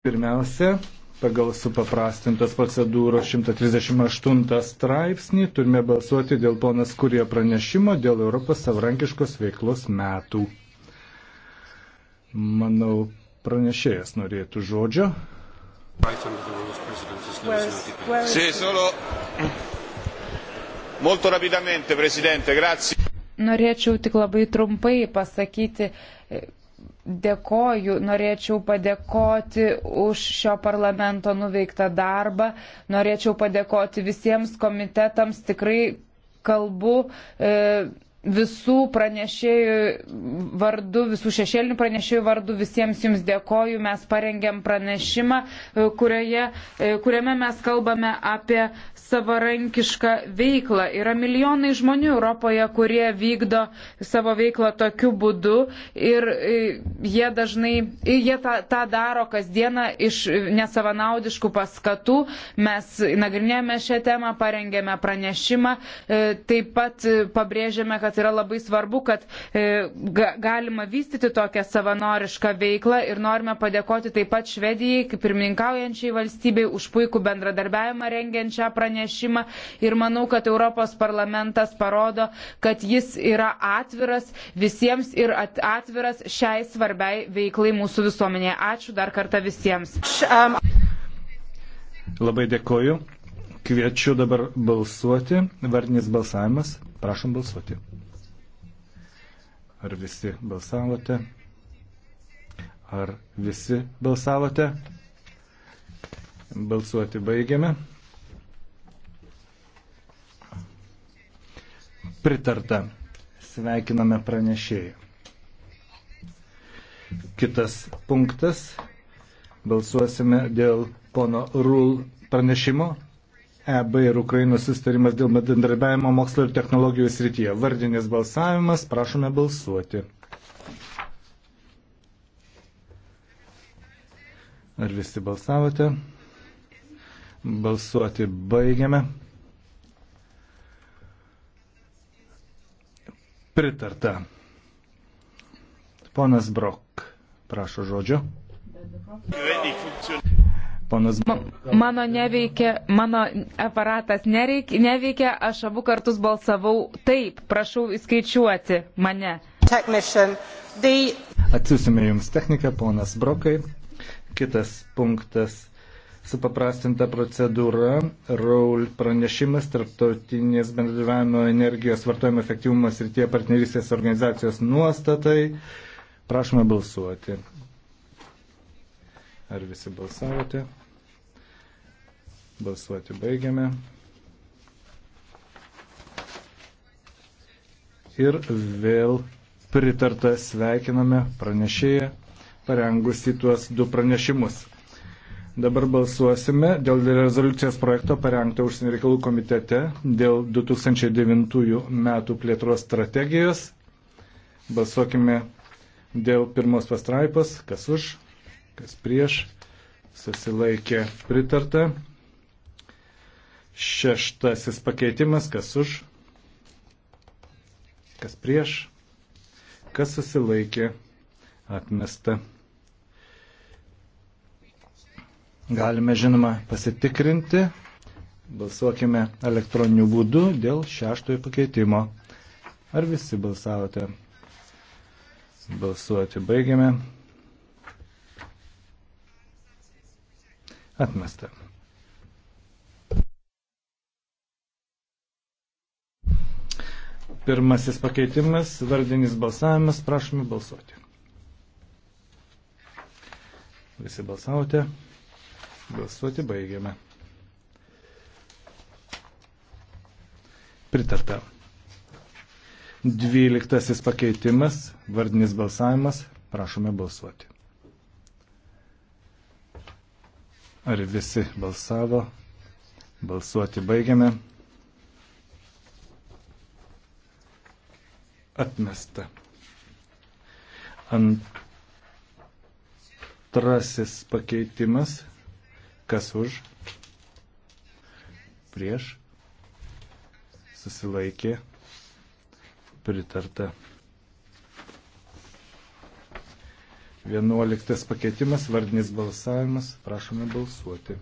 Pirmiausia, pagal supaprastintas procedūros 138 straipsnį turime balsuoti dėl ponas kurie pranešimo dėl Europos savrankiškos veiklos metų. Manau, pranešėjas norėtų žodžio. Sì, solo molto rapidamente, Presidente, grazie. Norėčiau tik labai trumpai pasakyti, dėkoju, norėčiau padėkoti už šio parlamento nuveiktą darbą, norėčiau padėkoti visiems komitetams, tikrai kalbu. E, visų pranešėjų vardu, visų šešėlinių pranešėjų vardu visiems jums dėkoju. Mes parengėm pranešimą, e, kurioje, e, kuriame mes kalbame apie savarankišką veiklą. Yra milijonai žmonių Europoje, kurie vykdo savo veiklą tokiu būdu ir e, jie dažnai, jie tą, tą daro kasdieną iš nesavanaudiškų paskatų. Mes nagrinėjame šią temą, parengėme pranešimą, taip pat pabrėžėme, kad kad yra labai svarbu, kad e, galima vystyti tokią savanorišką veiklą ir norime padėkoti taip pat Švedijai, kaip pirmininkaujančiai valstybei, už puikų bendradarbiavimą rengiančią pranešimą ir manau, kad Europos parlamentas parodo, kad jis yra atviras visiems ir atviras šiai svarbiai veiklai mūsų visuomenėje. Ačiū dar kartą visiems. Labai dėkoju. Kviečiu dabar balsuoti. Vardinis balsavimas. Prašom balsuoti. Ar visi balsavote? Ar visi balsavote? Balsuoti baigiame. Pritarta. Sveikiname pranešėją. Kitas punktas. Balsuosime dėl pono Rūl pranešimo EB ir Ukrainos sustarimas dėl bendradarbiavimo mokslo ir technologijų srityje. Vardinės balsavimas, prašome balsuoti. Ar visi balsavote? Balsuoti baigiame. Pritarta. Ponas Brok, prašo žodžio. Ponas... Mano, neveikė, mano aparatas nereik, neveikia, aš abu kartus balsavau taip, prašau įskaičiuoti mane. The... Atsiusime Jums techniką, ponas Brokai. Kitas punktas supaprastinta procedūra, RAUL pranešimas tarptautinės bendradarbiavimo energijos vartojimo efektyvumo srityje partnerystės organizacijos nuostatai. Prašome balsuoti. Ar visi balsavote? Balsuoti baigiame. Ir vėl pritarta sveikiname pranešėją, parengusi tuos du pranešimus. Dabar balsuosime dėl rezoliucijos projekto parengto užsienio reikalų komitete dėl 2009 metų plėtros strategijos. Balsuokime dėl pirmos pastraipos, kas už, kas prieš, susilaikė pritarta. Šeštasis pakeitimas, kas už, kas prieš, kas susilaikė, atmesta. Galime, žinoma, pasitikrinti. Balsuokime elektroniniu būdu dėl šeštojo pakeitimo. Ar visi balsavote? Balsuoti baigiame. Atmesta. Pirmasis pakeitimas, vardinis balsavimas, prašome balsuoti. Visi balsavote. Balsuoti baigiame. Pritarta. Dvyliktasis pakeitimas, vardinis balsavimas, prašome balsuoti. Ar visi balsavo? Balsuoti baigiame. atmesta. Antrasis pakeitimas, kas už, prieš, susilaikė, pritarta. Vienuoliktas pakeitimas, vardinis balsavimas, prašome balsuoti.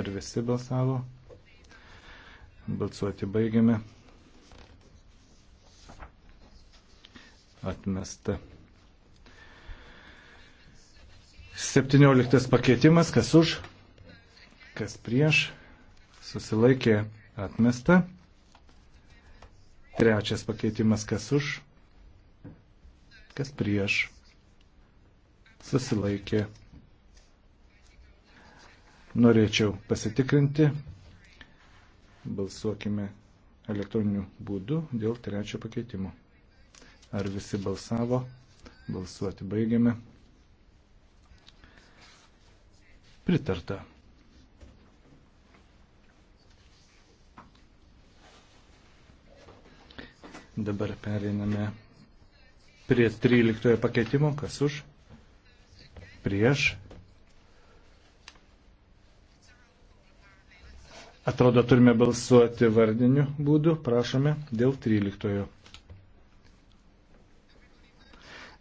Ar visi balsavo? Balsuoti baigiame. atmesta. 17 pakeitimas, kas už, kas prieš, susilaikė atmesta. Trečias pakeitimas, kas už, kas prieš, susilaikė. Norėčiau pasitikrinti. Balsuokime elektroniniu būdu dėl trečio pakeitimo. Ar visi balsavo? Balsuoti baigiame. Pritarta. Dabar periname prie 13 pakeitimo. Kas už? Prieš. Atrodo, turime balsuoti vardiniu būdu. Prašome dėl 13.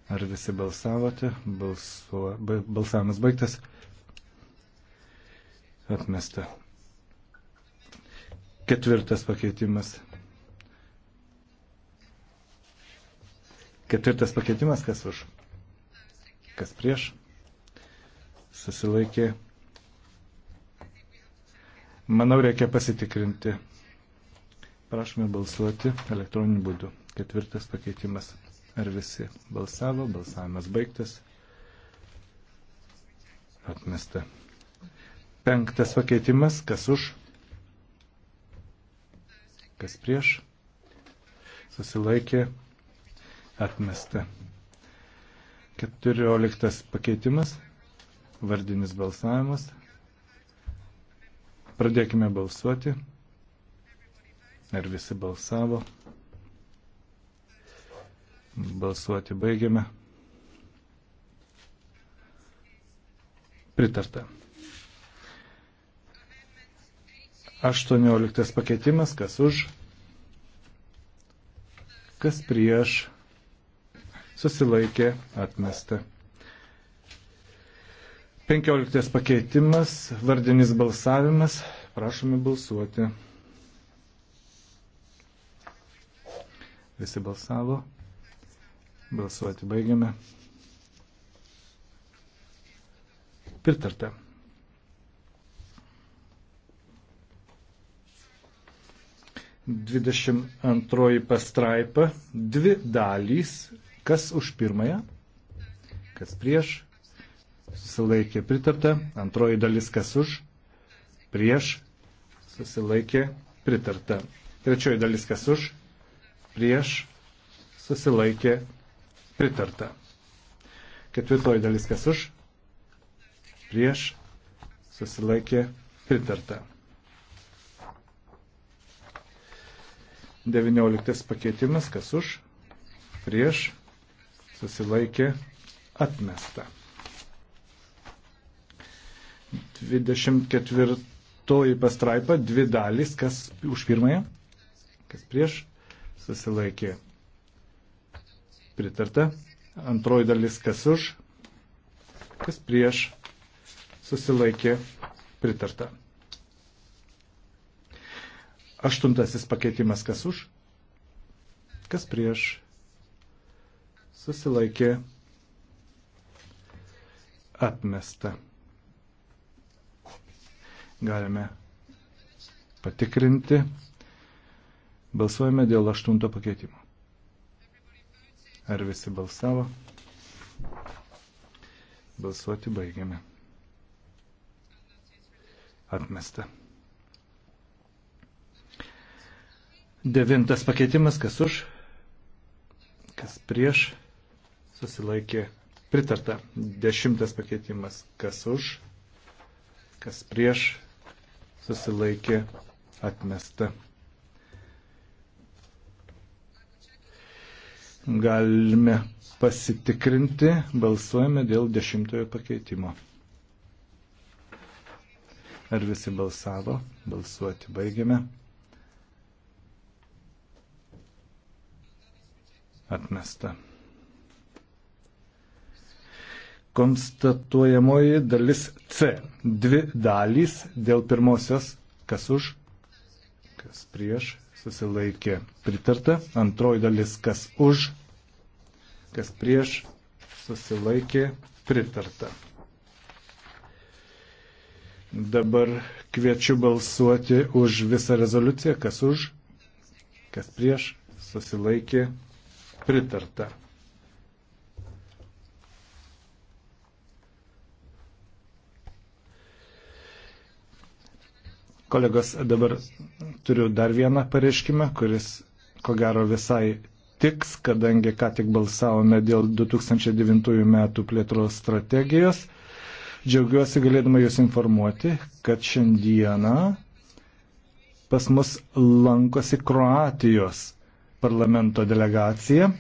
Ar visi balsavote? Balsuo, balsavimas baigtas. Atmesta. Ketvirtas pakeitimas. Ketvirtas pakeitimas, kas už? Kas prieš? Susilaikė. Manau, reikia pasitikrinti. Prašome balsuoti elektroniniu būdu. Ketvirtas pakeitimas. Ar visi balsavo? Balsavimas baigtas. Atmesta. Penktas pakeitimas. Kas už? Kas prieš? Susilaikė. Atmesta. Keturioliktas pakeitimas. Vardinis balsavimas. Pradėkime balsuoti. Ar visi balsavo? Balsuoti baigiame. Pritarta. 18 pakeitimas, kas už, kas prieš, susilaikė, atmesta. 15 pakeitimas, vardinis balsavimas, prašome balsuoti. Visi balsavo. Balsuoti baigiame. Pritarta. Dvidešimt antroji pastraipa. Dvi dalys. Kas už pirmąją? Kas prieš? Susilaikė pritarta. Antroji dalis kas už? Prieš. Susilaikė pritarta. Trečioji dalis kas už? Prieš. Susilaikė pritarta Pritarta. Ketvirtoji dalis kas už? Prieš susilaikė pritarta. 19 pakeitimas kas už? Prieš susilaikė atmesta. 24 pastraipa, dvi dalys, kas už pirmąją, kas prieš, susilaikė pritarta. Antroji dalis kas už, kas prieš, susilaikė, pritarta. Aštuntasis pakeitimas kas už, kas prieš, susilaikė, atmesta. Galime patikrinti. Balsuojame dėl aštunto pakeitimo. Ar visi balsavo? Balsuoti baigiame. Atmesta. Devintas pakeitimas, kas už, kas prieš, susilaikė pritarta. Dešimtas pakeitimas, kas už, kas prieš, susilaikė atmesta. Galime pasitikrinti, balsuojame dėl dešimtojo pakeitimo. Ar visi balsavo? Balsuoti baigiame. Atmesta. Konstatuojamoji dalis C. Dvi dalys dėl pirmosios, kas už, kas prieš, susilaikė pritarta. Antroji dalis, kas už, kas prieš, susilaikė pritarta. Dabar kviečiu balsuoti už visą rezoliuciją, kas už, kas prieš, susilaikė pritarta. Kolegos, dabar turiu dar vieną pareiškimą, kuris ko gero visai tiks, kadangi ką tik balsavome dėl 2009 metų plėtros strategijos. Džiaugiuosi galėdama Jūs informuoti, kad šiandieną pas mus lankosi Kroatijos parlamento delegacija.